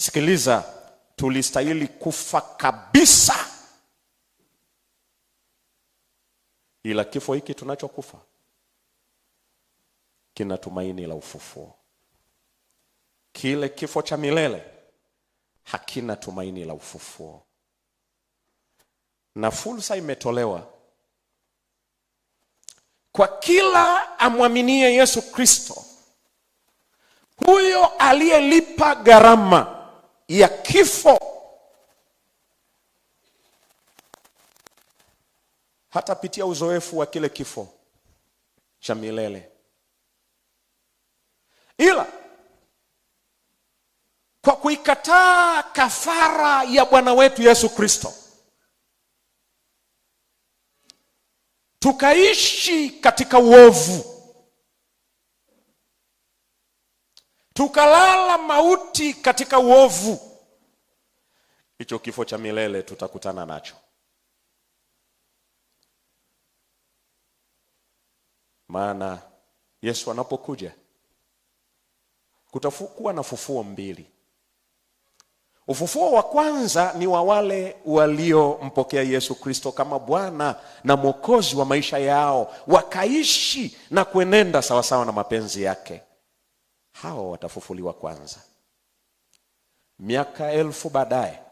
Sikiliza, tulistahili kufa kabisa, ila kifo hiki tunachokufa kina tumaini la ufufuo. Kile kifo cha milele hakina tumaini la ufufuo, na fursa imetolewa kwa kila amwaminie Yesu Kristo, huyo aliyelipa gharama ya kifo. Hatapitia uzoefu wa kile kifo cha milele, ila kwa kuikataa kafara ya Bwana wetu Yesu Kristo tukaishi katika uovu tukalala mauti katika uovu, hicho kifo cha milele tutakutana nacho. Maana Yesu anapokuja kutakuwa na fufuo mbili. Ufufuo wa kwanza ni wa wale waliompokea Yesu Kristo kama Bwana na Mwokozi wa maisha yao, wakaishi na kuenenda sawasawa na mapenzi yake hao watafufuliwa kwanza. Miaka elfu baadaye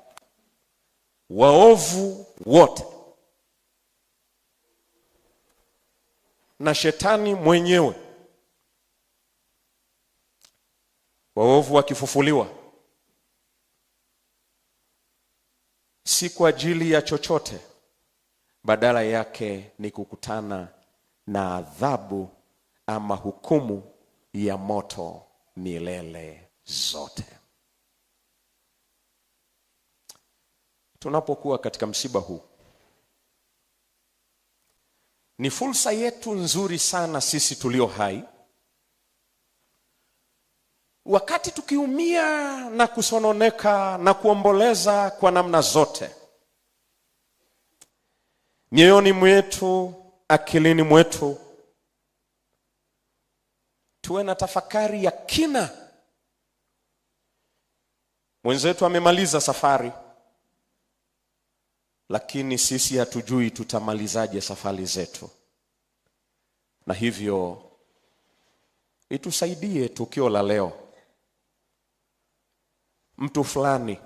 waovu wote na shetani mwenyewe, waovu wakifufuliwa, si kwa ajili ya chochote, badala yake ni kukutana na adhabu ama hukumu ya moto milele zote. Tunapokuwa katika msiba huu, ni fursa yetu nzuri sana sisi tulio hai, wakati tukiumia na kusononeka na kuomboleza kwa namna zote, mioyoni mwetu, akilini mwetu tuwe na tafakari ya kina. Mwenzetu amemaliza safari, lakini sisi hatujui tutamalizaje safari zetu, na hivyo itusaidie tukio la leo. Mtu fulani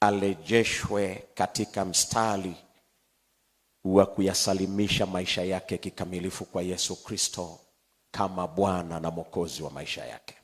alejeshwe katika mstari wa kuyasalimisha maisha yake kikamilifu kwa Yesu Kristo kama Bwana na Mwokozi wa maisha yake.